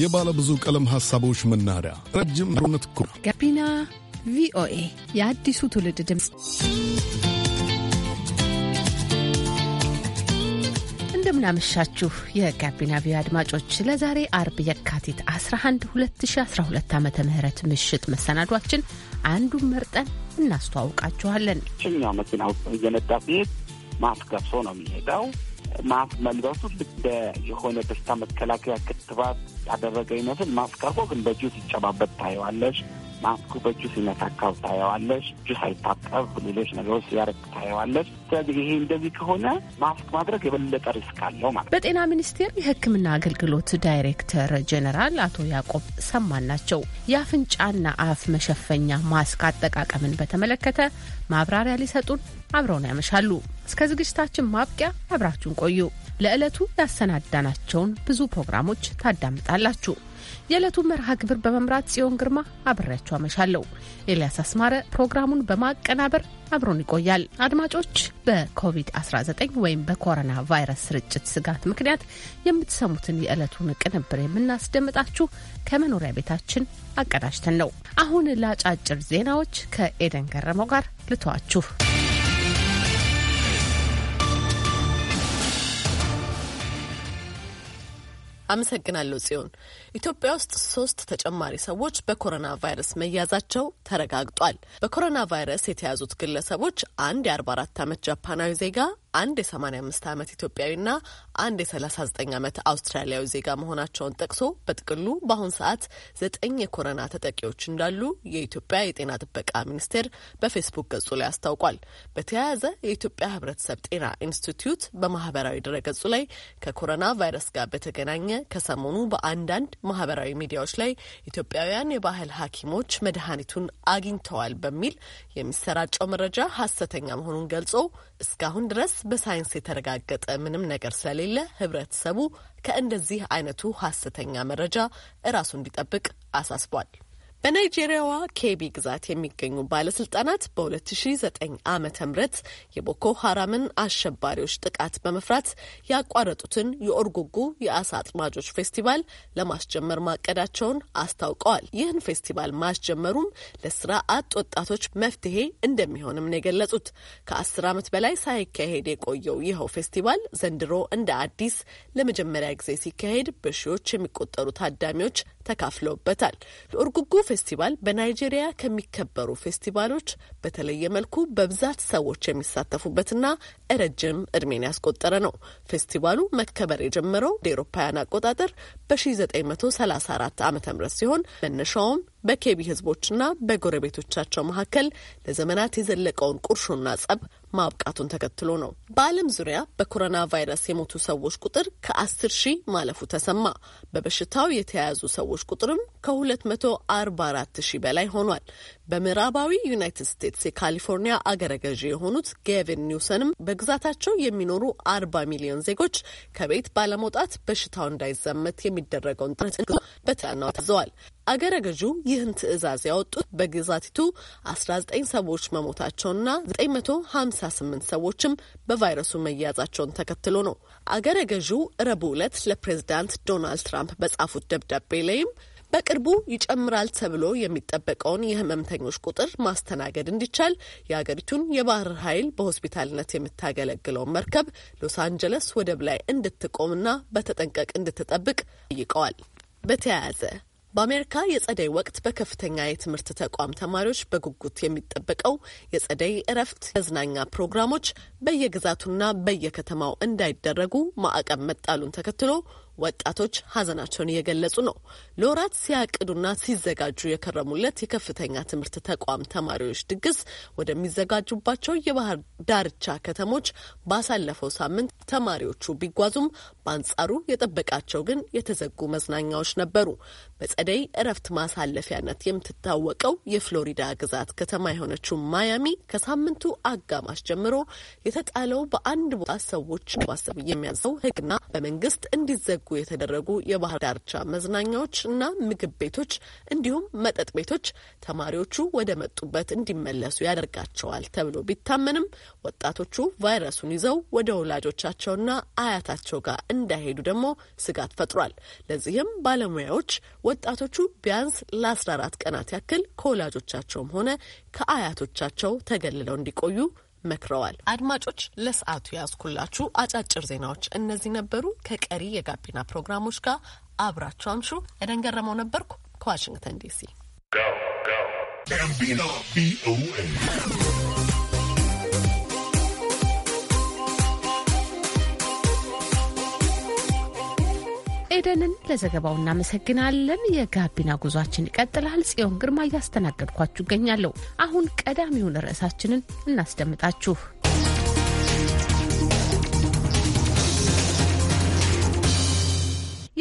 የባለ ብዙ ቀለም ሐሳቦች መናኸሪያ ረጅም ሮነት ኩ ጋቢና ቪኦኤ የአዲሱ ትውልድ ድምፅ እንደምናመሻችሁ የጋቢና ቪ አድማጮች ለዛሬ አርብ የካቲት 11 2012 ዓ ም ምሽት መሰናዷችን አንዱን መርጠን እናስተዋውቃችኋለን። ኛ መኪና እየነዳ ሲሄድ ማስክ ለብሶ ነው የሚሄደው። ማስክ መልበሱ ልክ የሆነ በሽታ መከላከያ ክትባት ያደረገ ይመስል ማስክ አርጎ ግን በእጁ ሲጨባበት ታየዋለች። ማስኩ በእጁ ሲነካካው ታየዋለች፣ እጁ ሳይታጠብ ሌሎች ነገሮች ሲያደርግ ታየዋለች። ስለዚህ ይሄ እንደዚህ ከሆነ ማስክ ማድረግ የበለጠ ሪስክ አለው ማለት። በጤና ሚኒስቴር የሕክምና አገልግሎት ዳይሬክተር ጀኔራል አቶ ያዕቆብ ሰማን ናቸው። የአፍንጫና አፍ መሸፈኛ ማስክ አጠቃቀምን በተመለከተ ማብራሪያ ሊሰጡን አብረውን ያመሻሉ። እስከ ዝግጅታችን ማብቂያ አብራችሁን ቆዩ። ለዕለቱ ያሰናዳናቸውን ብዙ ፕሮግራሞች ታዳምጣላችሁ። የዕለቱን መርሃ ግብር በመምራት ጽዮን ግርማ አብሬያችሁ አመሻለሁ። ኤልያስ አስማረ ፕሮግራሙን በማቀናበር አብሮን ይቆያል። አድማጮች፣ በኮቪድ-19 ወይም በኮሮና ቫይረስ ስርጭት ስጋት ምክንያት የምትሰሙትን የዕለቱን ቅንብር የምናስደምጣችሁ ከመኖሪያ ቤታችን አቀዳጅተን ነው። አሁን ለአጫጭር ዜናዎች ከኤደን ገረመው ጋር ልተዋችሁ። አመሰግናለሁ ጽዮን። ኢትዮጵያ ውስጥ ሶስት ተጨማሪ ሰዎች በኮሮና ቫይረስ መያዛቸው ተረጋግጧል። በኮሮና ቫይረስ የተያዙት ግለሰቦች አንድ የ44 ዓመት ጃፓናዊ ዜጋ አንድ የ85 ዓመት ኢትዮጵያዊና አንድ የ39 ዓመት አውስትራሊያዊ ዜጋ መሆናቸውን ጠቅሶ በጥቅሉ በአሁን ሰዓት ዘጠኝ የኮሮና ተጠቂዎች እንዳሉ የኢትዮጵያ የጤና ጥበቃ ሚኒስቴር በፌስቡክ ገጹ ላይ አስታውቋል። በተያያዘ የኢትዮጵያ ሕብረተሰብ ጤና ኢንስቲትዩት በማህበራዊ ድረገጹ ላይ ከኮሮና ቫይረስ ጋር በተገናኘ ከሰሞኑ በአንዳንድ ማህበራዊ ሚዲያዎች ላይ ኢትዮጵያውያን የባህል ሐኪሞች መድኃኒቱን አግኝተዋል በሚል የሚሰራጨው መረጃ ሐሰተኛ መሆኑን ገልጾ እስካሁን ድረስ በሳይንስ የተረጋገጠ ምንም ነገር ስለሌለ ህብረተሰቡ ከእንደዚህ አይነቱ ሐሰተኛ መረጃ እራሱ እንዲጠብቅ አሳስቧል። በናይጄሪያዋ ኬቢ ግዛት የሚገኙ ባለስልጣናት በ2009 ዓ ም የቦኮ ሀራምን አሸባሪዎች ጥቃት በመፍራት ያቋረጡትን የኦርጉጉ የአሳ አጥማጆች ፌስቲቫል ለማስጀመር ማቀዳቸውን አስታውቀዋል። ይህን ፌስቲቫል ማስጀመሩም ለስራ አጥ ወጣቶች መፍትሄ እንደሚሆንም ነው የገለጹት። ከአስር ዓመት በላይ ሳይካሄድ የቆየው ይኸው ፌስቲቫል ዘንድሮ እንደ አዲስ ለመጀመሪያ ጊዜ ሲካሄድ በሺዎች የሚቆጠሩ ታዳሚዎች ተካፍለውበታል። የኦርጉጉ ፌስቲቫል በናይጄሪያ ከሚከበሩ ፌስቲቫሎች በተለየ መልኩ በብዛት ሰዎች የሚሳተፉበትና ረጅም እድሜን ያስቆጠረ ነው። ፌስቲቫሉ መከበር የጀመረው እንደ ኤሮፓውያን አቆጣጠር በ1934 ዓ ም ሲሆን መነሻውም በኬቢ ህዝቦችና በጎረቤቶቻቸው መካከል ለዘመናት የዘለቀውን ቁርሾና ጸብ ማብቃቱን ተከትሎ ነው። በዓለም ዙሪያ በኮሮና ቫይረስ የሞቱ ሰዎች ቁጥር ከ10 ሺህ ማለፉ ተሰማ። በበሽታው የተያያዙ ሰዎች ቁጥርም ከ244 ሺህ በላይ ሆኗል። በምዕራባዊ ዩናይትድ ስቴትስ የካሊፎርኒያ አገረ ገዢ የሆኑት ጌቪን ኒውሰንም በግዛታቸው የሚኖሩ አርባ ሚሊዮን ዜጎች ከቤት ባለመውጣት በሽታው እንዳይዘመት የሚደረገውን ጥረት በትናንትናው ታዘዋል። አገረ ገዢው ይህን ትዕዛዝ ያወጡት በግዛቲቱ 19 ሰዎች መሞታቸውንና 958 ሰዎችም በቫይረሱ መያዛቸውን ተከትሎ ነው። አገረ ገዢው ረቡዕ ዕለት ለፕሬዚዳንት ዶናልድ ትራምፕ በጻፉት ደብዳቤ ላይም በቅርቡ ይጨምራል ተብሎ የሚጠበቀውን የህመምተኞች ቁጥር ማስተናገድ እንዲቻል የሀገሪቱን የባህር ኃይል በሆስፒታልነት የምታገለግለውን መርከብ ሎስ አንጀለስ ወደብ ላይ እንድትቆምና በተጠንቀቅ እንድትጠብቅ ጠይቀዋል። በተያያዘ በአሜሪካ የጸደይ ወቅት በከፍተኛ የትምህርት ተቋም ተማሪዎች በጉጉት የሚጠበቀው የጸደይ እረፍት መዝናኛ ፕሮግራሞች በየግዛቱና በየከተማው እንዳይደረጉ ማዕቀብ መጣሉን ተከትሎ ወጣቶች ሀዘናቸውን እየገለጹ ነው። ለወራት ሲያቅዱና ሲዘጋጁ የከረሙለት የከፍተኛ ትምህርት ተቋም ተማሪዎች ድግስ ወደሚዘጋጁባቸው የባህር ዳርቻ ከተሞች ባሳለፈው ሳምንት ተማሪዎቹ ቢጓዙም በአንጻሩ የጠበቃቸው ግን የተዘጉ መዝናኛዎች ነበሩ። በጸደይ እረፍት ማሳለፊያነት የምትታወቀው የፍሎሪዳ ግዛት ከተማ የሆነችው ማያሚ ከሳምንቱ አጋማሽ ጀምሮ የተጣለው በአንድ ቦታ ሰዎች ማሰብ የሚያዘው ሕግና በመንግስት እንዲዘጉ የተደረጉ የባህር ዳርቻ መዝናኛዎች እና ምግብ ቤቶች እንዲሁም መጠጥ ቤቶች ተማሪዎቹ ወደ መጡበት እንዲመለሱ ያደርጋቸዋል ተብሎ ቢታመንም ወጣቶቹ ቫይረሱን ይዘው ወደ ወላጆቻቸውና አያታቸው ጋር እንዳይሄዱ ደግሞ ስጋት ፈጥሯል። ለዚህም ባለሙያዎች ወጣቶቹ ቢያንስ ለ14 ቀናት ያክል ከወላጆቻቸውም ሆነ ከአያቶቻቸው ተገልለው እንዲቆዩ መክረዋል። አድማጮች ለሰዓቱ ያዝኩላችሁ አጫጭር ዜናዎች እነዚህ ነበሩ። ከቀሪ የጋቢና ፕሮግራሞች ጋር አብራችሁ አምሹ። ኤደን ገረመው ነበርኩ ከዋሽንግተን ዲሲ። ኤደንን ለዘገባው እናመሰግናለን። የጋቢና ጉዟችን ይቀጥላል። ጽዮን ግርማ እያስተናገድኳችሁ እገኛለሁ። አሁን ቀዳሚውን ርዕሳችንን እናስደምጣችሁ።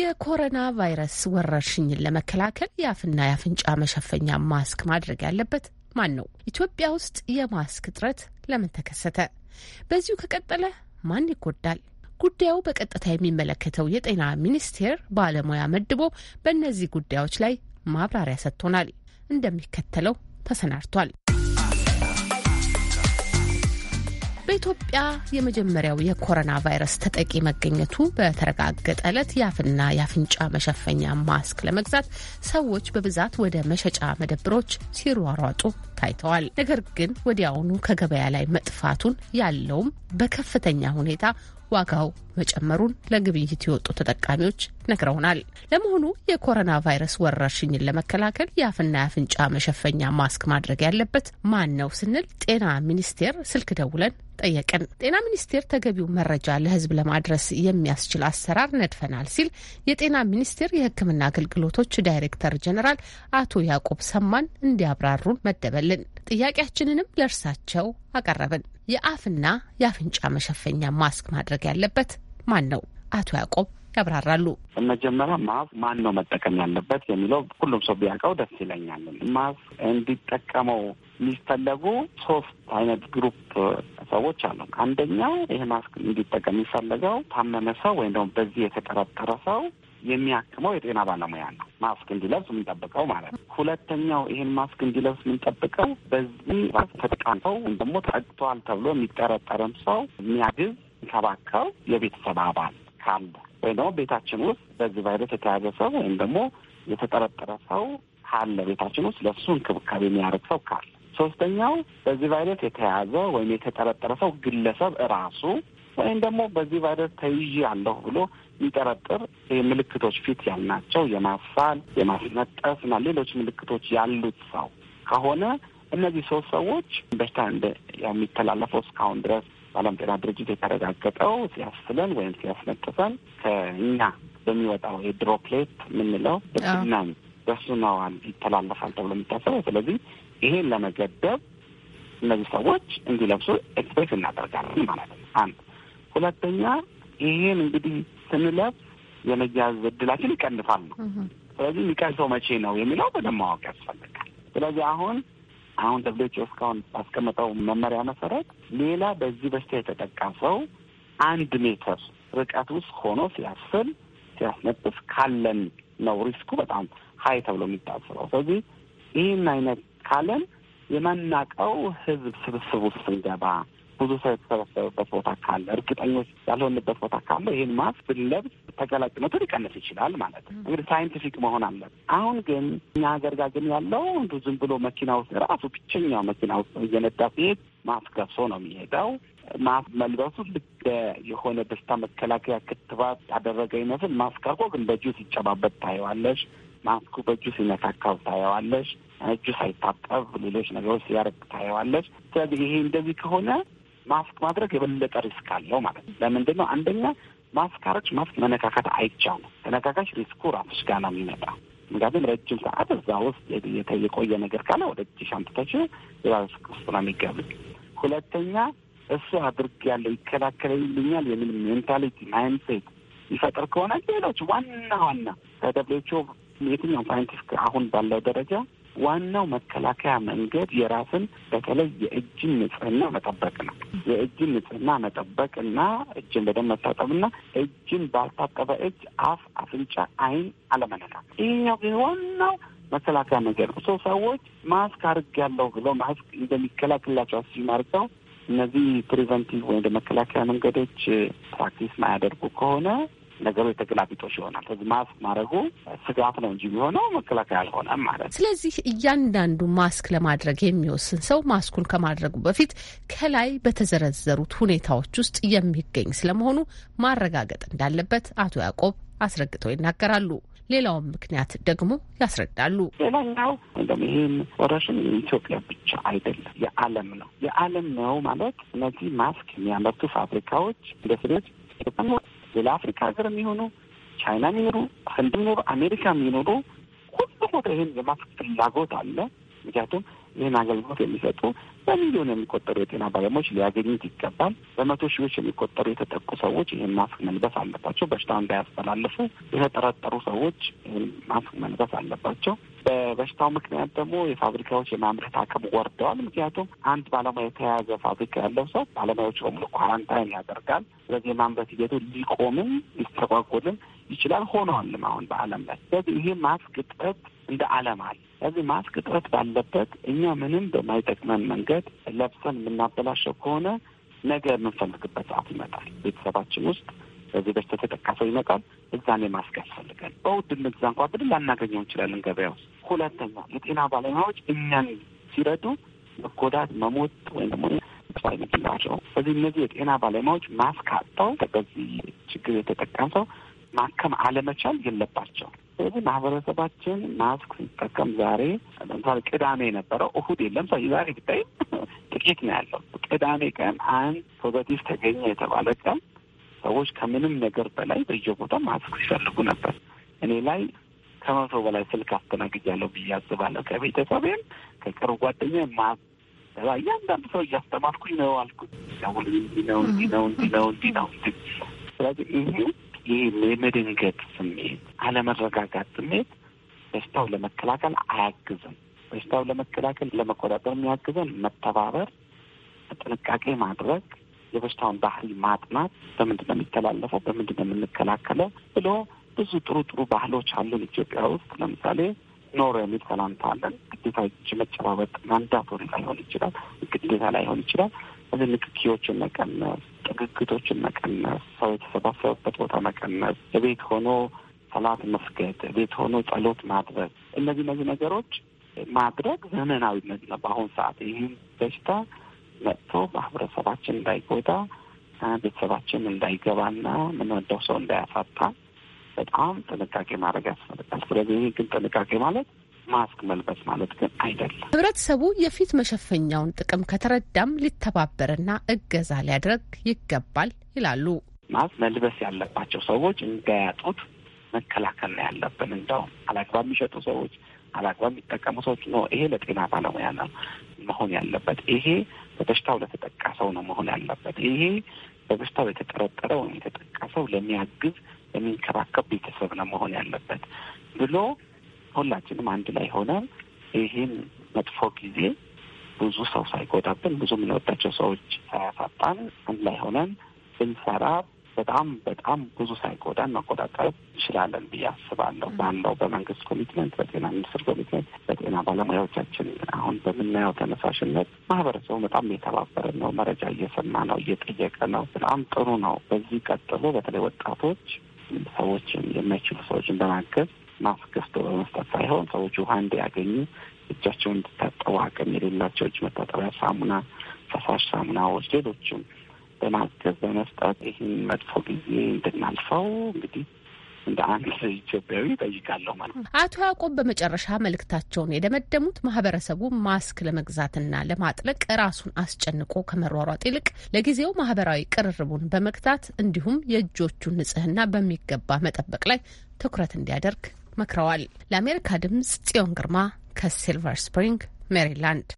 የኮሮና ቫይረስ ወረርሽኝን ለመከላከል የአፍና የአፍንጫ መሸፈኛ ማስክ ማድረግ ያለበት ማን ነው? ኢትዮጵያ ውስጥ የማስክ እጥረት ለምን ተከሰተ? በዚሁ ከቀጠለ ማን ይጎዳል? ጉዳዩ በቀጥታ የሚመለከተው የጤና ሚኒስቴር ባለሙያ መድቦ በእነዚህ ጉዳዮች ላይ ማብራሪያ ሰጥቶናል። እንደሚከተለው ተሰናድቷል። በኢትዮጵያ የመጀመሪያው የኮሮና ቫይረስ ተጠቂ መገኘቱ በተረጋገጠ ዕለት የአፍና የአፍንጫ መሸፈኛ ማስክ ለመግዛት ሰዎች በብዛት ወደ መሸጫ መደብሮች ሲሯሯጡ ታይተዋል። ነገር ግን ወዲያውኑ ከገበያ ላይ መጥፋቱን ያለውም በከፍተኛ ሁኔታ ዋጋው መጨመሩን ለግብይት የወጡ ተጠቃሚዎች ነግረውናል። ለመሆኑ የኮሮና ቫይረስ ወረርሽኝን ለመከላከል የአፍና የአፍንጫ መሸፈኛ ማስክ ማድረግ ያለበት ማን ነው ስንል ጤና ሚኒስቴር ስልክ ደውለን ጠየቅን። ጤና ሚኒስቴር ተገቢው መረጃ ለሕዝብ ለማድረስ የሚያስችል አሰራር ነድፈናል ሲል የጤና ሚኒስቴር የሕክምና አገልግሎቶች ዳይሬክተር ጀኔራል አቶ ያዕቆብ ሰማን እንዲያብራሩን መደበልን። ጥያቄያችንንም ለእርሳቸው አቀረብን። የአፍና የአፍንጫ መሸፈኛ ማስክ ማድረግ ያለበት ማን ነው? አቶ ያዕቆብ ያብራራሉ። መጀመሪያ ማስክ ማን ነው መጠቀም ያለበት የሚለው ሁሉም ሰው ቢያውቀው ደስ ይለኛል። ማስክ እንዲጠቀመው የሚፈለጉ ሶስት አይነት ግሩፕ ሰዎች አሉ። አንደኛው ይህ ማስክ እንዲጠቀም የሚፈለገው ታመመ ሰው ወይም ደግሞ በዚህ የተጠረጠረ ሰው የሚያክመው የጤና ባለሙያ ነው። ማስክ እንዲለብስ የምንጠብቀው ማለት ነው። ሁለተኛው ይህን ማስክ እንዲለብስ የምንጠብቀው በዚህ ተጠቃሚ ሰው ወይም ደግሞ ተጠቅቷል ተብሎ የሚጠረጠርም ሰው የሚያግዝ የሚከባከው የቤተሰብ አባል ካለ ወይም ደግሞ ቤታችን ውስጥ በዚህ ቫይረስ የተያዘ ሰው ወይም ደግሞ የተጠረጠረ ሰው ካለ ቤታችን ውስጥ ለሱ እንክብካቤ የሚያደርግ ሰው ካለ ሶስተኛው በዚህ ቫይረስ የተያዘ ወይም የተጠረጠረ ሰው ግለሰብ ራሱ ወይም ደግሞ በዚህ ቫይረስ ተይዤ አለሁ ብሎ የሚጠረጥር ምልክቶች ፊት ያልናቸው የማሳል፣ የማስነጠስ እና ሌሎች ምልክቶች ያሉት ሰው ከሆነ እነዚህ ሶስት ሰዎች በሽታ እንደ የሚተላለፈው እስካሁን ድረስ በዓለም ጤና ድርጅት የተረጋገጠው ሲያስለን ወይም ሲያስነጥሰን ከእኛ በሚወጣው የድሮፕሌት የምንለው በስናኝ በሱ ነዋል ይተላለፋል ተብሎ የሚታሰበው። ስለዚህ ይሄን ለመገደብ እነዚህ ሰዎች እንዲለብሱ ኤክስፔክት እናደርጋለን ማለት ነው አንድ ሁለተኛ ይህን እንግዲህ ስንለብስ የመያዝ እድላችን ይቀንሳል ስለዚህ የሚቀንሰው መቼ ነው የሚለው በደንብ ማወቅ ያስፈልጋል። ስለዚህ አሁን አሁን ደብዶች እስካሁን ባስቀመጠው መመሪያ መሰረት ሌላ በዚህ የተጠቃ የተጠቀሰው አንድ ሜትር ርቀት ውስጥ ሆኖ ሲያስል ሲያስነጥስ ካለን ነው ሪስኩ በጣም ሀይ ተብሎ የሚታስበው። ስለዚህ ይህን አይነት ካለን የመናቀው ህዝብ ስብስብ ውስጥ ስንገባ ብዙ ሰው የተሰበሰበበት ቦታ ካለ፣ እርግጠኞች ያልሆንበት ቦታ ካለ ይህን ማስክ ብንለብስ ተገላጭነቱ ሊቀንስ ይችላል ማለት ነው። እንግዲህ ሳይንቲፊክ መሆን አለን። አሁን ግን እኛ ሀገር ጋር ግን ያለው እንዱ ዝም ብሎ መኪና ውስጥ ራሱ ብቸኛው መኪና ውስጥ እየነዳ ሲሄድ ማስክ ለብሶ ነው የሚሄደው። ማስክ መልበሱ ልክ የሆነ በሽታ መከላከያ ክትባት ያደረገ ይመስል ማስክ አርጎ ግን በእጁ ሲጨባበት ታየዋለሽ። ማስኩ በእጁ ሲነካካው ታየዋለሽ። እጁ ሳይታጠብ ሌሎች ነገሮች ሲያደርግ ታየዋለች። ስለዚህ ይሄ እንደዚህ ከሆነ ማስክ ማድረግ የበለጠ ሪስክ አለው ማለት ነው። ለምንድን ነው? አንደኛ ማስክ አረች ማስክ መነካከት አይቻልም። ተነካካሽ ሪስኩ ራስሽ ጋር ነው የሚመጣ። ምክንያቱም ረጅም ሰዓት እዛ ውስጥ የቆየ ነገር ካለ ወደ እጅሽ አምጥተሽው የሪስክ ውስጥ ነው የሚገቡ። ሁለተኛ እሱ አድርግ ያለው ይከላከልልኛል የሚል ሜንታሊቲ ማይንሴት ይፈጥር ከሆነ ሌሎች ዋና ዋና ከደብሌቾ የትኛውም ሳይንቲስት አሁን ባለው ደረጃ ዋናው መከላከያ መንገድ የራስን በተለይ የእጅን ንጽህና መጠበቅ ነው። የእጅን ንጽህና መጠበቅ እና እጅን በደንብ መታጠብ እና እጅን ባልታጠበ እጅ አፍ፣ አፍንጫ፣ አይን አለመነካት። ይህኛው ግን ዋናው መከላከያ መንገድ ነው። ሰው ሰዎች ማስክ አድርጌያለሁ ብለው ማስክ እንደሚከላከልላቸው አስ ማርገው እነዚህ ፕሪቨንቲቭ ወይም መከላከያ መንገዶች ፕራክቲስ ማያደርጉ ከሆነ ነገሮች ተገላቢጦች ይሆናል። ስለዚህ ማስክ ማድረጉ ስጋት ነው እንጂ የሚሆነው መከላከያ አልሆነም ማለት። ስለዚህ እያንዳንዱ ማስክ ለማድረግ የሚወስን ሰው ማስኩን ከማድረጉ በፊት ከላይ በተዘረዘሩት ሁኔታዎች ውስጥ የሚገኝ ስለመሆኑ ማረጋገጥ እንዳለበት አቶ ያዕቆብ አስረግጠው ይናገራሉ። ሌላውን ምክንያት ደግሞ ያስረዳሉ። ሌላኛው እንደም ይህን ወረርሽኝ የኢትዮጵያ ብቻ አይደለም፣ የዓለም ነው። የዓለም ነው ማለት እነዚህ ማስክ የሚያመርቱ ፋብሪካዎች ኢንዱስትሪዎች ሌላ አፍሪካ ሀገር የሚሆኑ ቻይና የሚኖሩ ህንድ የሚኖሩ አሜሪካ የሚኖሩ ሁሉም ወደ ይህን የማፍ ፍላጎት አለ። ምክንያቱም ይህን አገልግሎት የሚሰጡ በሚሊዮን የሚቆጠሩ የጤና ባለሙያዎች ሊያገኙት ይገባል። በመቶ ሺዎች የሚቆጠሩ የተጠቁ ሰዎች ይህን ማስክ መልበስ አለባቸው። በሽታው እንዳያስተላልፉ የተጠረጠሩ ሰዎች ይህን ማስክ መልበስ አለባቸው። በበሽታው ምክንያት ደግሞ የፋብሪካዎች የማምረት አቅም ወርደዋል። ምክንያቱም አንድ ባለሙያ የተያያዘ ፋብሪካ ያለው ሰው ባለሙያዎች በሙሉ ኳራንታይን ያደርጋል። ስለዚህ የማምረት ሂደቱ ሊቆምም ሊስተጓጎልም ይችላል። ሆነዋልም አሁን በዓለም ላይ ስለዚህ ይህ ማስክ እጥረት እንደ ዓለም አለ። ስለዚህ ማስክ እጥረት ባለበት እኛ ምንም በማይጠቅመን መንገድ ለብሰን የምናበላሸው ከሆነ ነገ የምንፈልግበት ሰዓት ይመጣል። ቤተሰባችን ውስጥ በዚህ በሽታ የተጠቃ ሰው ይመጣል። እዛኔ ማስክ ያስፈልጋል። በውድ ምዛ እንኳ ብድን ላናገኘው እንችላለን ገበያ ውስጥ። ሁለተኛ የጤና ባለሙያዎች እኛን ሲረዱ መጎዳት፣ መሞት ወይም ደግሞ ናቸው። ስለዚህ እነዚህ የጤና ባለሙያዎች ማስክ አጥተው በዚህ ችግር የተጠቃ ሰው ማከም አለመቻል የለባቸው ህብረተሰቡ ማህበረሰባችን ማስክ ሲጠቀም ዛሬ ለምሳሌ ቅዳሜ የነበረው እሁድ የለም። ሰው ዛሬ ጉዳይ ጥቂት ነው ያለው። ቅዳሜ ቀን አንድ ፖዘቲቭ ተገኘ የተባለ ቀን ሰዎች ከምንም ነገር በላይ በየቦታው ማስክ ሲፈልጉ ነበር። እኔ ላይ ከመቶ በላይ ስልክ አስተናግጃለሁ ብዬ አስባለሁ። ከቤተሰብም ከቅርብ ጓደኛ ማበላ እያንዳንዱ ሰው እያስተማርኩኝ ነው አልኩ ነው እንዲ ነው እንዲ ነው እንዲ ነው እንዲ ነው። ስለዚህ ይሄ ይህ የመደንገጥ ስሜት፣ አለመረጋጋት ስሜት በሽታው ለመከላከል አያግዝም። በሽታው ለመከላከል ለመቆጣጠር የሚያግዘን መተባበር፣ ጥንቃቄ ማድረግ፣ የበሽታውን ባህሪ ማጥናት፣ በምንድን ነው የሚተላለፈው፣ በምንድን ነው የምንከላከለው ብሎ ብዙ ጥሩ ጥሩ ባህሎች አሉን ኢትዮጵያ ውስጥ ለምሳሌ ኖሮ የሚል ሰላምታ አለን። ግዴታ እጅ መጨባበጥ ማንዳቶሪ ላይሆን ይችላል፣ ግዴታ ላይሆን ይችላል። እዚህ ንክኪዎችን መቀነስ ግግቶችን መቀነስ፣ ሰው የተሰባሰበበት ቦታ መቀነስ፣ እቤት ሆኖ ሰላት መስገድ፣ እቤት ሆኖ ጸሎት ማድረግ፣ እነዚህ እነዚህ ነገሮች ማድረግ ዘመናዊነት ነው። በአሁኑ ሰዓት ይህም በሽታ መጥቶ ማህበረሰባችን እንዳይጎዳ ቤተሰባችን እንዳይገባና የምንወደው ሰው እንዳያሳጣ በጣም ጥንቃቄ ማድረግ ያስፈልጋል። ስለዚህ ይህ ግን ጥንቃቄ ማለት ማስክ መልበስ ማለት ግን አይደለም። ህብረተሰቡ የፊት መሸፈኛውን ጥቅም ከተረዳም ሊተባበርና እገዛ ሊያደርግ ይገባል ይላሉ። ማስክ መልበስ ያለባቸው ሰዎች እንዳያጡት መከላከል ነው ያለብን። እንደውም አላግባብ የሚሸጡ ሰዎች፣ አላግባብ የሚጠቀሙ ሰዎች ነው። ይሄ ለጤና ባለሙያ ነው መሆን ያለበት። ይሄ በበሽታው ለተጠቃ ሰው ነው መሆን ያለበት። ይሄ በበሽታው የተጠረጠረ ወይም የተጠቃ ሰው ለሚያግዝ የሚንከባከብ ቤተሰብ ነው መሆን ያለበት ብሎ ሁላችንም አንድ ላይ ሆነን ይህን መጥፎ ጊዜ ብዙ ሰው ሳይጎዳብን ብዙ የምንወዳቸው ሰዎች ሳያሳጣን አንድ ላይ ሆነን ብንሰራ በጣም በጣም ብዙ ሳይጎዳን መቆጣጠር እንችላለን ብዬ አስባለሁ። ባለው በመንግስት ኮሚትመንት፣ በጤና ሚኒስትር ኮሚትመንት፣ በጤና ባለሙያዎቻችን አሁን በምናየው ተነሳሽነት ማህበረሰቡ በጣም እየተባበረ ነው። መረጃ እየሰማ ነው፣ እየጠየቀ ነው። በጣም ጥሩ ነው። በዚህ ቀጥሎ በተለይ ወጣቶች ሰዎችን የማይችሉ ሰዎችን በማገዝ ማስክ ገዝቶ በመስጠት ሳይሆን ሰዎች ውሃ እንዲያገኙ እጃቸውን እንዲታጠቡ አቅም የሌላቸው እጅ መታጠቢያ ሳሙና፣ ፈሳሽ ሳሙናዎች፣ ሌሎችም በማገዝ በመስጠት ይህን መጥፎ ጊዜ እንድናልፈው እንግዲህ እንደ አንድ ኢትዮጵያዊ ጠይቃለሁ ማለት ነው። አቶ ያዕቆብ በመጨረሻ መልእክታቸውን የደመደሙት ማህበረሰቡ ማስክ ለመግዛትና ለማጥለቅ ራሱን አስጨንቆ ከመሯሯጥ ይልቅ ለጊዜው ማህበራዊ ቅርርቡን በመግታት እንዲሁም የእጆቹን ንጽህና በሚገባ መጠበቅ ላይ ትኩረት እንዲያደርግ መክረዋል። ለአሜሪካ ድምጽ ጽዮን ግርማ ከሲልቨር ስፕሪንግ ሜሪላንድ።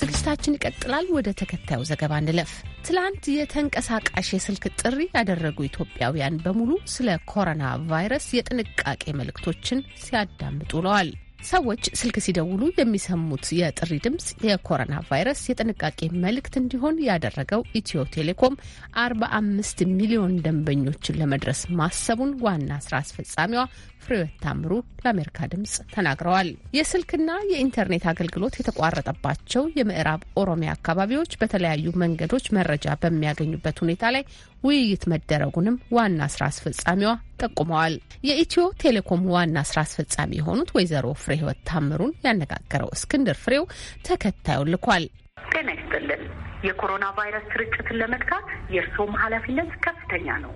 ዝግጅታችን ይቀጥላል። ወደ ተከታዩ ዘገባ እንለፍ። ትላንት የተንቀሳቃሽ የስልክ ጥሪ ያደረጉ ኢትዮጵያውያን በሙሉ ስለ ኮሮና ቫይረስ የጥንቃቄ መልእክቶችን ሲያዳምጡ ውለዋል። ሰዎች ስልክ ሲደውሉ የሚሰሙት የጥሪ ድምፅ የኮሮና ቫይረስ የጥንቃቄ መልእክት እንዲሆን ያደረገው ኢትዮ ቴሌኮም 45 ሚሊዮን ደንበኞችን ለመድረስ ማሰቡን ዋና ስራ አስፈጻሚዋ ፍሬወት ታምሩ ለአሜሪካ ድምፅ ተናግረዋል። የስልክና የኢንተርኔት አገልግሎት የተቋረጠባቸው የምዕራብ ኦሮሚያ አካባቢዎች በተለያዩ መንገዶች መረጃ በሚያገኙበት ሁኔታ ላይ ውይይት መደረጉንም ዋና ስራ አስፈጻሚዋ ጠቁመዋል። የኢትዮ ቴሌኮም ዋና ስራ አስፈጻሚ የሆኑት ወይዘሮ ፍሬ ህይወት ታምሩን ያነጋገረው እስክንድር ፍሬው ተከታዩን ልኳል። ጤና ይስጥልን። የኮሮና ቫይረስ ስርጭትን ለመግታት የእርስዎም ኃላፊነት ከፍተኛ ነው።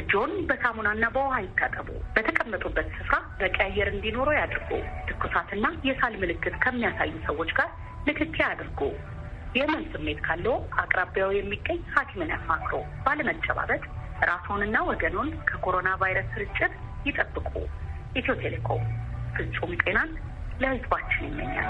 እጆን በሳሙናና በውሃ ይታጠቡ። በተቀመጡበት ስፍራ በቂ አየር እንዲኖረው ያድርጉ። ትኩሳትና የሳል ምልክት ከሚያሳዩ ሰዎች ጋር ንክኪ አድርጉ። የህመም ስሜት ካለው አቅራቢያው የሚገኝ ሐኪምን ያማክሩ። ባለመጨባበጥ ራስዎንና ወገኖን ከኮሮና ቫይረስ ስርጭት ይጠብቁ። ኢትዮ ቴሌኮም ፍጹም ጤናን ለህዝባችን ይመኛል።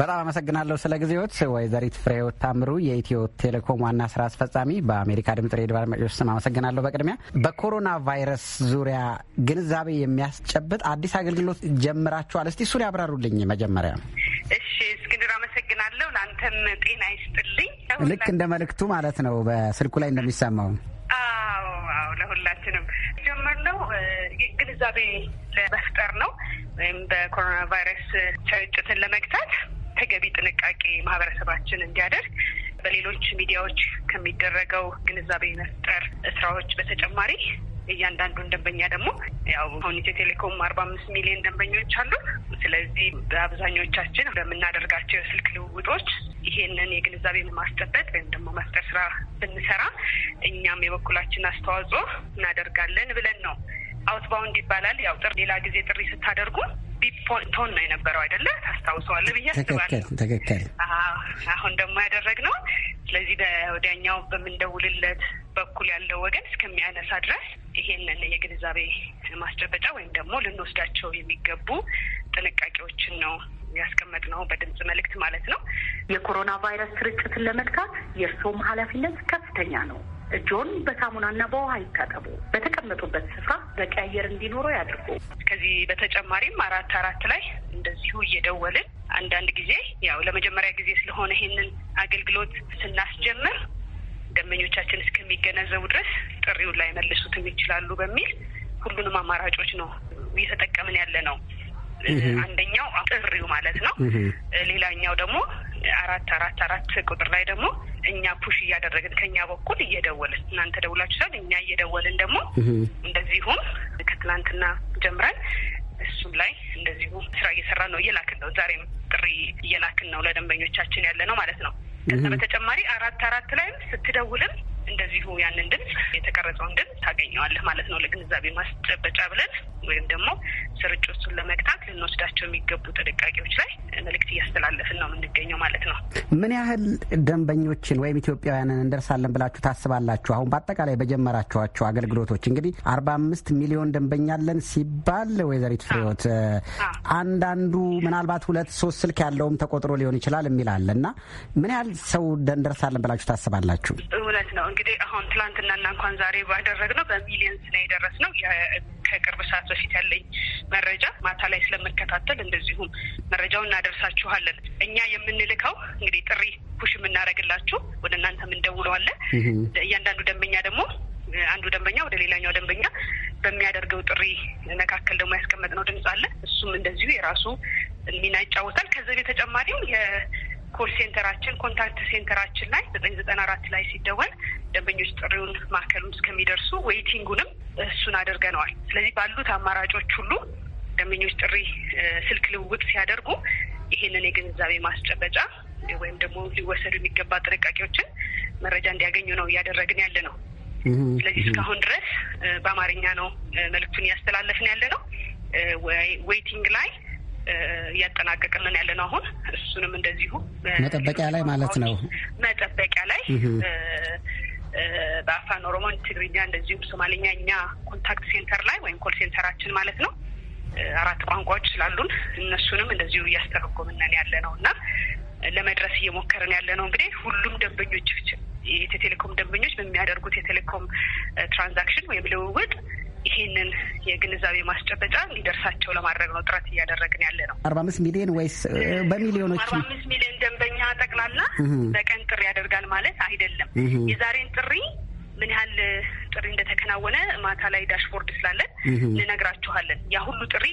በጣም አመሰግናለሁ ስለ ጊዜዎት ወይዘሪት ፍሬህይወት ታምሩ የኢትዮ ቴሌኮም ዋና ስራ አስፈጻሚ። በአሜሪካ ድምጽ ሬዲዮ አድማጮች ስም አመሰግናለሁ። በቅድሚያ በኮሮና ቫይረስ ዙሪያ ግንዛቤ የሚያስጨብጥ አዲስ አገልግሎት ጀምራችኋል። እስቲ እሱን ያብራሩልኝ መጀመሪያ። እሺ እስክንድር አመሰግናለሁ። ለአንተም ጤና ይስጥልኝ። ልክ እንደ መልእክቱ ማለት ነው በስልኩ ላይ እንደሚሰማው። አዎ አዎ፣ ለሁላችንም ጀመርነው ግንዛቤ ለመፍጠር ነው ወይም በኮሮና ቫይረስ ስርጭትን ለመግታት ተገቢ ጥንቃቄ ማህበረሰባችን እንዲያደርግ በሌሎች ሚዲያዎች ከሚደረገው ግንዛቤ መፍጠር ስራዎች በተጨማሪ እያንዳንዱን ደንበኛ ደግሞ ያው አሁን ኢትዮ ቴሌኮም አርባ አምስት ሚሊዮን ደንበኞች አሉ። ስለዚህ በአብዛኞቻችን በምናደርጋቸው የስልክ ልውውጦች ይሄንን የግንዛቤ ማስጨበጥ ወይም ደግሞ መፍጠር ስራ ብንሰራ እኛም የበኩላችን አስተዋጽኦ እናደርጋለን ብለን ነው። አውትባውንድ ይባላል። ያው ጥር ሌላ ጊዜ ጥሪ ስታደርጉ ቢፖንቶን ነው የነበረው አይደለ? ታስታውሰዋለህ ብዬ አስባለሁ። ትክክል። አሁን ደግሞ ነው። ስለዚህ በወዲያኛው በምንደውልለት በኩል ያለው ወገን እስከሚያነሳ ድረስ ይሄንን የግንዛቤ ማስጨበጫ ወይም ደግሞ ልንወስዳቸው የሚገቡ ጥንቃቄዎችን ነው ያስቀመጥ ነው በድምጽ መልእክት ማለት ነው። የኮሮና ቫይረስ ስርጭትን ለመግታት የእርስዎም ኃላፊነት ከፍተኛ ነው። እጆን በሳሙናና በውሃ ይታጠቡ። በተቀመጡበት ስፍራ በቂ አየር እንዲኖረው ያድርጉ። ከዚህ በተጨማሪም አራት አራት ላይ እንደዚሁ እየደወልን አንዳንድ ጊዜ ያው ለመጀመሪያ ጊዜ ስለሆነ ይህንን አገልግሎት ስናስጀምር ደንበኞቻችን እስከሚገነዘቡ ድረስ ጥሪውን ላይመልሱትም ይችላሉ በሚል ሁሉንም አማራጮች ነው እየተጠቀምን ያለ ነው። አንደኛው ጥሪው ማለት ነው። ሌላኛው ደግሞ አራት አራት አራት ቁጥር ላይ ደግሞ እኛ ፑሽ እያደረግን ከኛ በኩል እየደወልን እናንተ ደውላችኋል፣ እኛ እየደወልን ደግሞ እንደዚሁም ከትላንትና ጀምረን እሱም ላይ እንደዚሁ ስራ እየሰራ ነው። እየላክን ነው። ዛሬም ጥሪ እየላክን ነው ለደንበኞቻችን ያለ ነው ማለት ከዛ በተጨማሪ አራት አራት ላይም ስትደውልም እንደዚሁ ያንን ድምፅ የተቀረጸውን ድምፅ ታገኘዋለህ ማለት ነው። ለግንዛቤ ማስጨበጫ ብለን ወይም ደግሞ ስርጭቱን ለመግታት ልንወስዳቸው የሚገቡ ጥንቃቄዎች ላይ መልእክት እያስተላለፍን ነው የምንገኘው ማለት ነው። ምን ያህል ደንበኞችን ወይም ኢትዮጵያውያንን እንደርሳለን ብላችሁ ታስባላችሁ? አሁን በአጠቃላይ በጀመራችኋቸው አገልግሎቶች እንግዲህ አርባ አምስት ሚሊዮን ደንበኛ አለን ሲባል ወይዘሪት ፍሬወት አንዳንዱ ምናልባት ሁለት ሶስት ስልክ ያለውም ተቆጥሮ ሊሆን ይችላል የሚል አለ እና ምን ያህል ሰው እንደርሳለን ብላችሁ ታስባላችሁ? እውነት ነው እንግዲህ እንግዲህ አሁን ትላንትናና እንኳን ዛሬ ነው በሚሊየንስ ነው ከቅርብ ሰዓት በፊት ያለኝ መረጃ ማታ ላይ ስለምከታተል እንደዚሁም መረጃውን እናደርሳችኋለን። እኛ የምንልከው እንግዲህ ጥሪ ኩሽ የምናደርግላችሁ ወደ እናንተ እንደውለዋለን። እያንዳንዱ ደንበኛ ደግሞ አንዱ ደንበኛ ወደ ሌላኛው ደንበኛ በሚያደርገው ጥሪ መካከል ደግሞ ያስቀመጥነው ድምጽ አለ። እሱም እንደዚሁ የራሱ ሚና ይጫወታል። ከዚህ በተጨማሪም ኮል ሴንተራችን ኮንታክት ሴንተራችን ላይ ዘጠኝ ዘጠና አራት ላይ ሲደወል ደንበኞች ጥሪውን ማዕከሉን እስከሚደርሱ ዌይቲንጉንም እሱን አድርገነዋል። ስለዚህ ባሉት አማራጮች ሁሉ ደንበኞች ጥሪ ስልክ ልውውጥ ሲያደርጉ ይህንን የግንዛቤ ማስጨበጫ ወይም ደግሞ ሊወሰዱ የሚገባ ጥንቃቄዎችን መረጃ እንዲያገኙ ነው እያደረግን ያለ ነው። ስለዚህ እስካሁን ድረስ በአማርኛ ነው መልዕክቱን እያስተላለፍን ያለ ነው። ዌይቲንግ ላይ እያጠናቀቅልን ያለ ነው። አሁን እሱንም እንደዚሁ መጠበቂያ ላይ ማለት ነው መጠበቂያ ላይ በአፋን ኦሮሞ፣ ትግርኛ እንደዚሁም ሶማሌኛ እኛ ኮንታክት ሴንተር ላይ ወይም ኮል ሴንተራችን ማለት ነው አራት ቋንቋዎች ስላሉን እነሱንም እንደዚሁ እያስተረጎምነን ያለ ነው እና ለመድረስ እየሞከርን ያለ ነው። እንግዲህ ሁሉም ደንበኞች የኢትዮ ቴሌኮም ደንበኞች በሚያደርጉት የቴሌኮም ትራንዛክሽን ወይም ልውውጥ የግንዛቤ ማስጨበጫ እንዲደርሳቸው ለማድረግ ነው ጥረት እያደረግን ያለ ነው። አርባ አምስት ሚሊዮን ወይስ በሚሊዮኖች? አርባ አምስት ሚሊዮን ደንበኛ ጠቅላላ በቀን ጥሪ ያደርጋል ማለት አይደለም። የዛሬን ጥሪ ምን ያህል ጥሪ እንደተከናወነ ማታ ላይ ዳሽቦርድ ስላለን እንነግራችኋለን። ያ ሁሉ ጥሪ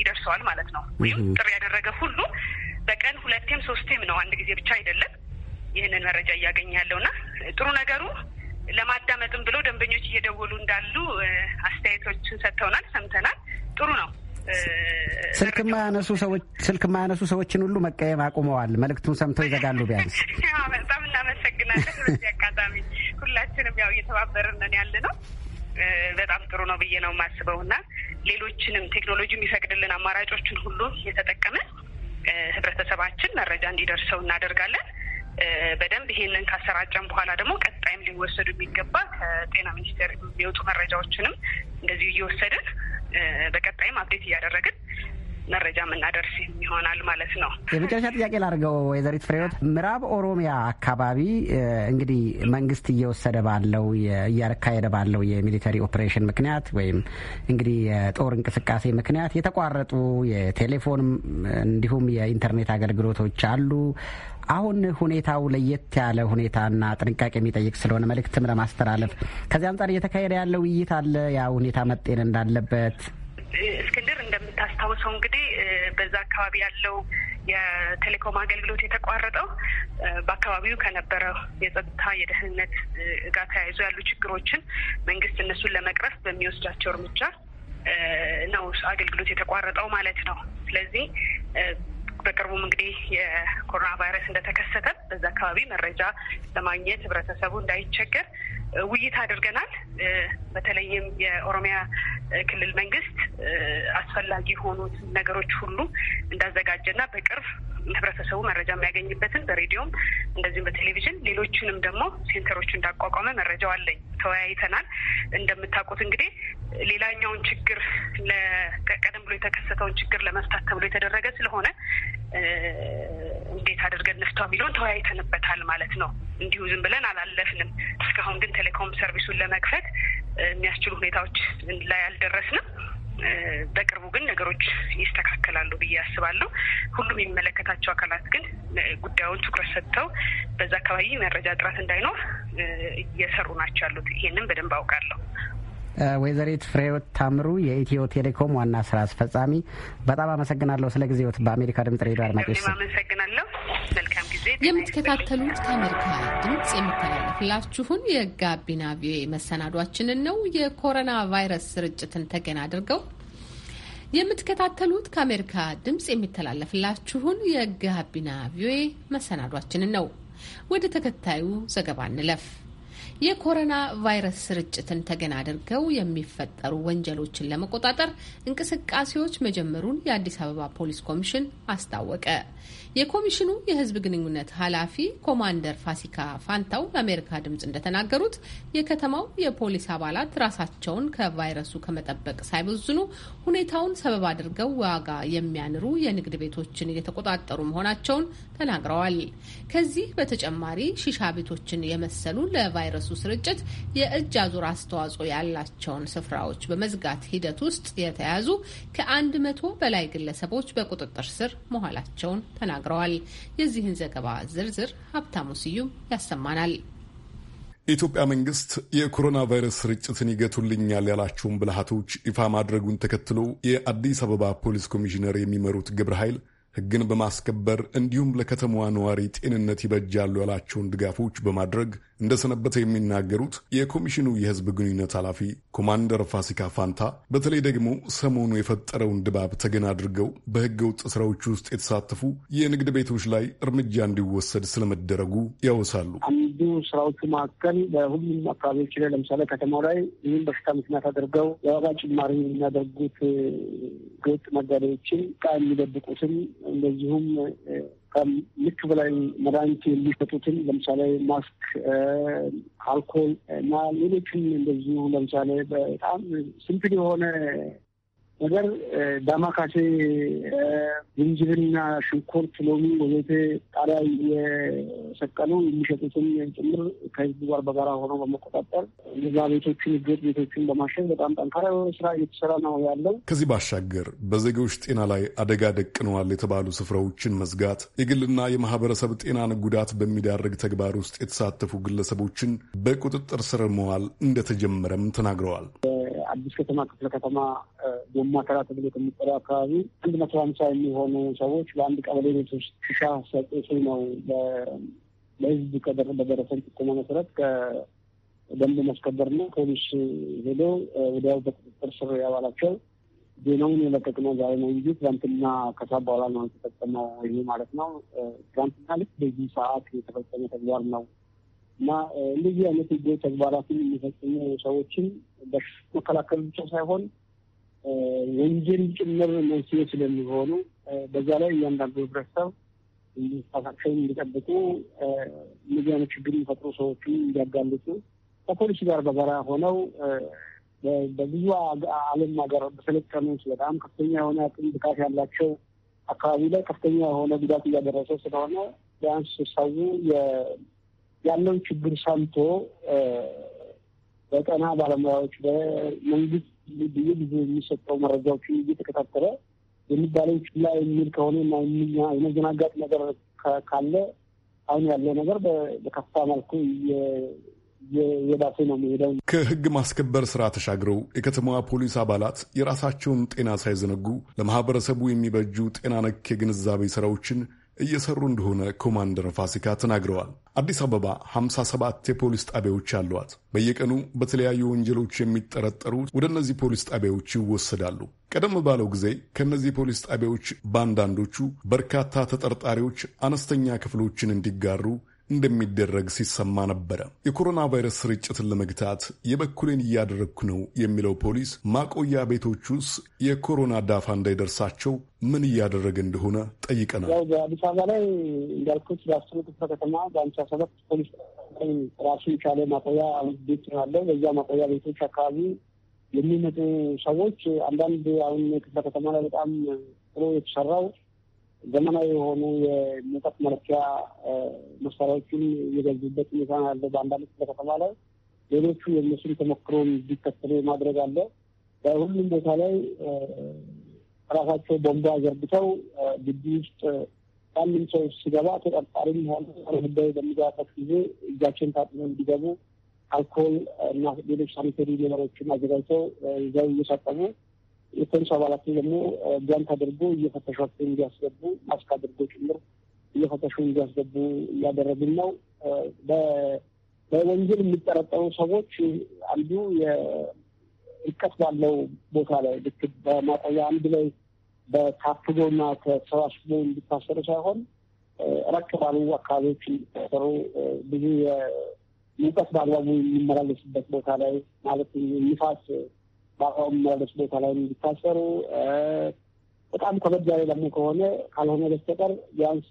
ይደርሰዋል ማለት ነው። ወይም ጥሪ ያደረገ ሁሉ በቀን ሁለቴም ሶስቴም ነው፣ አንድ ጊዜ ብቻ አይደለም። ይህንን መረጃ እያገኘ ያለውና ጥሩ ነገሩ ለማዳመጥም ብሎ ደንበኞች እየደወሉ እንዳሉ አስተያየቶችን ሰጥተውናል፣ ሰምተናል። ጥሩ ነው። ስልክ የማያነሱ ሰዎች ስልክ የማያነሱ ሰዎችን ሁሉ መቀየም አቁመዋል። መልእክቱን ሰምተው ይዘጋሉ። ቢያንስ በጣም እናመሰግናለን። በዚህ አጋጣሚ ሁላችንም ያው እየተባበርነን ያለ ነው። በጣም ጥሩ ነው ብዬ ነው የማስበው እና ሌሎችንም ቴክኖሎጂ የሚፈቅድልን አማራጮችን ሁሉ እየተጠቀመ ህብረተሰባችን መረጃ እንዲደርሰው እናደርጋለን። በደንብ ይሄንን ካሰራጨን በኋላ ደግሞ ቀጣይም ሊወሰዱ የሚገባ ከጤና ሚኒስቴር የሚወጡ መረጃዎችንም እንደዚሁ እየወሰድን በቀጣይም አብዴት እያደረግን መረጃ የምናደርስ ይሆናል ማለት ነው። የመጨረሻ ጥያቄ ላድርገው ወይዘሪት ፍሬወት፣ ምዕራብ ኦሮሚያ አካባቢ እንግዲህ መንግስት እየወሰደ ባለው እያካሄደ ባለው የሚሊተሪ ኦፕሬሽን ምክንያት ወይም እንግዲህ የጦር እንቅስቃሴ ምክንያት የተቋረጡ የቴሌፎን እንዲሁም የኢንተርኔት አገልግሎቶች አሉ። አሁን ሁኔታው ለየት ያለ ሁኔታና ጥንቃቄ የሚጠይቅ ስለሆነ መልእክትም ለማስተላለፍ ከዚህ አንጻር እየተካሄደ ያለ ውይይት አለ። ያ ሁኔታ መጤን እንዳለበት እስክንድር እንደምታስታውሰው እንግዲህ በዛ አካባቢ ያለው የቴሌኮም አገልግሎት የተቋረጠው በአካባቢው ከነበረው የጸጥታ የደህንነት ጋር ተያይዞ ያሉ ችግሮችን መንግስት እነሱን ለመቅረፍ በሚወስዳቸው እርምጃ ነው አገልግሎት የተቋረጠው ማለት ነው። ስለዚህ በቅርቡም እንግዲህ የኮሮና ቫይረስ እንደተከሰተ በዛ አካባቢ መረጃ ለማግኘት ህብረተሰቡ እንዳይቸገር ውይይት አድርገናል። በተለይም የኦሮሚያ ክልል መንግስት አስፈላጊ የሆኑት ነገሮች ሁሉ እንዳዘጋጀና በቅርብ ህብረተሰቡ መረጃ የሚያገኝበትን በሬዲዮም እንደዚሁም በቴሌቪዥን ሌሎችንም ደግሞ ሴንተሮች እንዳቋቋመ መረጃው አለኝ። ተወያይተናል። እንደምታውቁት እንግዲህ ሌላኛውን ችግር ቀደም ብሎ የተከሰተውን ችግር ለመፍታት ተብሎ የተደረገ ስለሆነ እንዴት አድርገን ንፍቷ የሚለውን ተወያይተንበታል ማለት ነው። እንዲሁ ዝም ብለን አላለፍንም። እስካሁን ግን ቴሌኮም ሰርቪሱን ለመክፈት የሚያስችሉ ሁኔታዎች ላይ አልደረስንም። በቅርቡ ግን ነገሮች ይስተካከላሉ ብዬ አስባለሁ። ሁሉም የሚመለከታቸው አካላት ግን ጉዳዩን ትኩረት ሰጥተው በዛ አካባቢ መረጃ ጥራት እንዳይኖር እየሰሩ ናቸው ያሉት። ይህንም በደንብ አውቃለሁ። ወይዘሪት ፍሬህይወት ታምሩ የኢትዮ ቴሌኮም ዋና ስራ አስፈጻሚ፣ በጣም አመሰግናለሁ ስለ ጊዜዎት። በአሜሪካ ድምጽ ሬዲዮ አድማጮች አመሰግናለሁ። የምትከታተሉት ከአሜሪካ ድምፅ የሚተላለፍላችሁን የጋቢና ቪኦኤ መሰናዷችንን ነው። የኮሮና ቫይረስ ስርጭትን ተገን አድርገው የምትከታተሉት ከአሜሪካ ድምፅ የሚተላለፍላችሁን የጋቢና ቪኦኤ መሰናዷችንን ነው። ወደ ተከታዩ ዘገባ እንለፍ። የኮሮና ቫይረስ ስርጭትን ተገን አድርገው የሚፈጠሩ ወንጀሎችን ለመቆጣጠር እንቅስቃሴዎች መጀመሩን የአዲስ አበባ ፖሊስ ኮሚሽን አስታወቀ። የኮሚሽኑ የሕዝብ ግንኙነት ኃላፊ ኮማንደር ፋሲካ ፋንታው ለአሜሪካ ድምጽ እንደተናገሩት የከተማው የፖሊስ አባላት ራሳቸውን ከቫይረሱ ከመጠበቅ ሳይበዝኑ ሁኔታውን ሰበብ አድርገው ዋጋ የሚያንሩ የንግድ ቤቶችን እየተቆጣጠሩ መሆናቸውን ተናግረዋል። ከዚህ በተጨማሪ ሺሻ ቤቶችን የመሰሉ ለቫይረሱ ስርጭት የእጅ አዙር አስተዋጽኦ ያላቸውን ስፍራዎች በመዝጋት ሂደት ውስጥ የተያዙ ከአንድ መቶ በላይ ግለሰቦች በቁጥጥር ስር መኋላቸውን ። ተናግረዋል። የዚህን ዘገባ ዝርዝር ሀብታሙ ስዩም ያሰማናል። የኢትዮጵያ መንግስት የኮሮና ቫይረስ ስርጭትን ይገቱልኛል ያላቸውን ብልሃቶች ይፋ ማድረጉን ተከትሎ የአዲስ አበባ ፖሊስ ኮሚሽነር የሚመሩት ግብረ ኃይል ህግን በማስከበር እንዲሁም ለከተማዋ ነዋሪ ጤንነት ይበጃሉ ያላቸውን ድጋፎች በማድረግ እንደሰነበተ የሚናገሩት የኮሚሽኑ የህዝብ ግንኙነት ኃላፊ ኮማንደር ፋሲካ ፋንታ በተለይ ደግሞ ሰሞኑ የፈጠረውን ድባብ ተገን አድርገው በህገወጥ ስራዎች ውስጥ የተሳተፉ የንግድ ቤቶች ላይ እርምጃ እንዲወሰድ ስለመደረጉ ያወሳሉ። አንዱ ስራዎቹ መካከል በሁሉም አካባቢዎች ላይ ለምሳሌ ከተማው ላይ ይህም በሽታ ምክንያት አድርገው የዋጋ ጭማሪ የሚያደርጉት ገጥ ወጥ ነጋዴዎችን ዕቃ የሚደብቁትም እንደዚሁም ልክ በላይ መድኃኒት የሚሰጡትን ለምሳሌ ማስክ፣ አልኮል እና ሌሎችም እንደዚሁ ለምሳሌ በጣም ስንፕል የሆነ ነገር ዳማካሴ፣ ዝንጅብልና ሽንኮርት ሎሚ ወዘተ ጣሪያ እየሰቀሉ የሚሸጡትን ጭምር ከህዝቡ ጋር በጋራ ሆኖ በመቆጣጠር እነዛ ቤቶችን ህገወጥ ቤቶችን በማሸግ በጣም ጠንካራ ስራ እየተሰራ ነው ያለው። ከዚህ ባሻገር በዜጎች ጤና ላይ አደጋ ደቅነዋል የተባሉ ስፍራዎችን መዝጋት፣ የግልና የማህበረሰብ ጤናን ጉዳት በሚዳርግ ተግባር ውስጥ የተሳተፉ ግለሰቦችን በቁጥጥር ስር መዋል እንደተጀመረም ተናግረዋል። አዲስ ከተማ ክፍለ ከተማ ጎማ ተራ ተብሎ ከሚጠራው አካባቢ አንድ መቶ ሀምሳ የሚሆኑ ሰዎች በአንድ ቀበሌ ቤት ውስጥ ሽሻ ሲያጨሱ ነው ለህዝብ ቀደር በደረሰን ጥቆማ መሰረት ከደንብ ማስከበርና ፖሊስ ሄዶ ወዲያው በቁጥጥር ስር ያባላቸው ዜናውን የለቀቅነው ዛሬ ነው እንጂ ትናንትና ከሳ በኋላ ነው የተፈጸመ ይሄ ማለት ነው ትናንትና ልክ በዚህ ሰዓት የተፈጸመ ተግባር ነው። እና እንደዚህ አይነት ህገ ተግባራትን የሚፈጽሙ ሰዎችን መከላከል ብቻ ሳይሆን ወንጀል ጭምር መንስኤ ስለሚሆኑ በዛ ላይ እያንዳንዱ ህብረተሰብ ራሳቸውን እንዲጠብቁ እንደዚህ አይነት ችግር የሚፈጥሩ ሰዎችን እንዲያጋልጡ ከፖሊስ ጋር በጋራ ሆነው በብዙ ዓለም ሀገር በሰለጠኑት በጣም ከፍተኛ የሆነ አቅም ብቃት ያላቸው አካባቢ ላይ ከፍተኛ የሆነ ጉዳት እያደረሰ ስለሆነ ቢያንስ ሰው ያለውን ችግር ሰምቶ በጤና ባለሙያዎች በመንግስት ብዙ ጊዜ የሚሰጠው መረጃዎችን እየተከታተለ የሚባለው ችላ የሚል ከሆነ እና የመዘናጋት ነገር ካለ አሁን ያለ ነገር በከፋ መልኩ የባሰ ነው መሄደው። ከህግ ማስከበር ስራ ተሻግረው የከተማዋ ፖሊስ አባላት የራሳቸውን ጤና ሳይዘነጉ ለማህበረሰቡ የሚበጁ ጤና ነክ የግንዛቤ ስራዎችን እየሰሩ እንደሆነ ኮማንደር ፋሲካ ተናግረዋል። አዲስ አበባ 57 የፖሊስ ጣቢያዎች አሏት። በየቀኑ በተለያዩ ወንጀሎች የሚጠረጠሩ ወደ እነዚህ ፖሊስ ጣቢያዎች ይወሰዳሉ። ቀደም ባለው ጊዜ ከእነዚህ ፖሊስ ጣቢያዎች በአንዳንዶቹ በርካታ ተጠርጣሪዎች አነስተኛ ክፍሎችን እንዲጋሩ እንደሚደረግ ሲሰማ ነበረ። የኮሮና ቫይረስ ስርጭትን ለመግታት የበኩሌን እያደረግኩ ነው የሚለው ፖሊስ ማቆያ ቤቶች ውስጥ የኮሮና ዳፋ እንዳይደርሳቸው ምን እያደረገ እንደሆነ ጠይቀናል። ያው በአዲስ አበባ ላይ እንዳልኩት በአስሩ ክፍለ ከተማ በአምሳ ሰባት ፖሊስ ራሱ የቻለ ማቆያ ቤት አለው። በዚያ ማቆያ ቤቶች አካባቢ የሚመጡ ሰዎች አንዳንድ አሁን ክፍለ ከተማ ላይ በጣም ጥሩ የተሰራው ዘመናዊ የሆኑ የሙቀት መለኪያ መሳሪያዎችን የገዙበት ሁኔታ ያለ በአንዳንድ ክፍለ ከተማ ላይ ሌሎቹ የእነሱን ተሞክሮ እንዲከተሉ ማድረግ አለ። በሁሉም ቦታ ላይ ራሳቸው ቦምባ ዘርግተው ግቢ ውስጥ ማንም ሰው ሲገባ ተጠርጣሪም ሆነ ጉዳይ በሚገባበት ጊዜ እጃቸውን ታጥበው እንዲገቡ አልኮል እና ሌሎች ሳኒተሪ ሌበሮችን አዘጋጅተው ይዘው እየሰጠሙ የፖሊስ አባላት ደግሞ ጓንት አድርጎ እየፈተሿቸው እንዲያስገቡ ማስክ አድርጎ ጭምር እየፈተሹ እንዲያስገቡ እያደረግን ነው። በወንጀል የሚጠረጠሩ ሰዎች አንዱ ርቀት ባለው ቦታ ላይ ልክ በማቆያ አንድ ላይ በታፍጎና ተሰባስቦ እንዲታሰሩ ሳይሆን ረቅ ባሉ አካባቢዎች እንዲታሰሩ ብዙ ሙቀት በአግባቡ የሚመላለስበት ቦታ ላይ ማለት ንፋስ በአሁም ያለች ቦታ ላይ እንዲታሰሩ በጣም ከበድ ያለ ደግሞ ከሆነ ካልሆነ በስተቀር ቢያንስ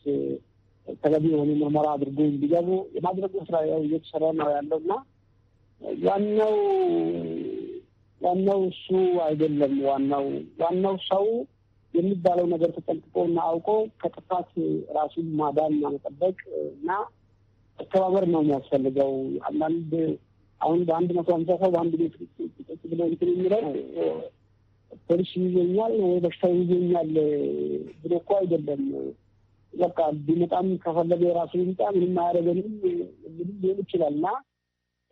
ተገቢ የሆኑ ምርመራ አድርጎ እንዲገቡ የማድረጉ ስራ እየተሰራ ነው ያለው እና ዋናው ዋናው እሱ አይደለም። ዋናው ዋናው ሰው የሚባለው ነገር ተጠንቅቆ እና አውቆ ከጥፋት ራሱን ማዳን ማመጠበቅ እና አስተባበር ነው የሚያስፈልገው። አንዳንድ አሁን በአንድ መቶ ሀምሳ ሰው በአንድ ቤት ብሎ እንትን የሚለው ፖሊስ ይዘኛል ወይ በሽታው ይዘኛል ብሎ እኮ አይደለም። በቃ ቢመጣም ከፈለገ የራሱ ይምጣ ምንም አያደርገንም የሚልም ሊሆን ይችላል እና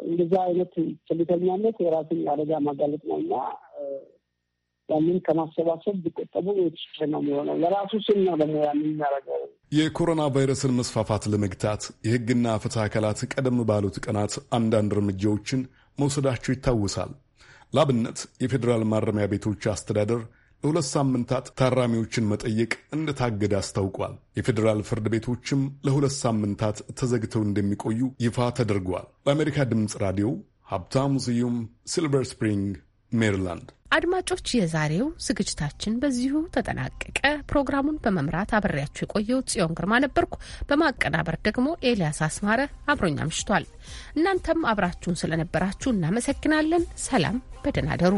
እንደዛ አይነት ቸልተኛነት የራስን አደጋ ማጋለጥ ነው እና ያንን ከማሰባሰብ ቢቆጠቡ የተሻለ ነው የሚሆነው ለራሱ ስል ነው ደግሞ ያንን የሚያደርገው። የኮሮና ቫይረስን መስፋፋት ለመግታት የሕግና ፍትህ አካላት ቀደም ባሉት ቀናት አንዳንድ እርምጃዎችን መውሰዳቸው ይታወሳል። ላብነት የፌዴራል ማረሚያ ቤቶች አስተዳደር ለሁለት ሳምንታት ታራሚዎችን መጠየቅ እንደታገደ አስታውቋል። የፌዴራል ፍርድ ቤቶችም ለሁለት ሳምንታት ተዘግተው እንደሚቆዩ ይፋ ተደርጓል። በአሜሪካ ድምፅ ራዲዮ ሀብታሙ ስዩም ሲልቨር ስፕሪንግ ሜሪላንድ አድማጮች፣ የዛሬው ዝግጅታችን በዚሁ ተጠናቀቀ። ፕሮግራሙን በመምራት አብሬያችሁ የቆየው ጽዮን ግርማ ነበርኩ። በማቀናበር ደግሞ ኤልያስ አስማረ አብሮኛ አምሽቷል። እናንተም አብራችሁን ስለነበራችሁ እናመሰግናለን። ሰላም፣ በደህና ደሩ።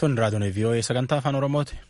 Tun raadiyoon VOA e sagantaa afaan Oromooti.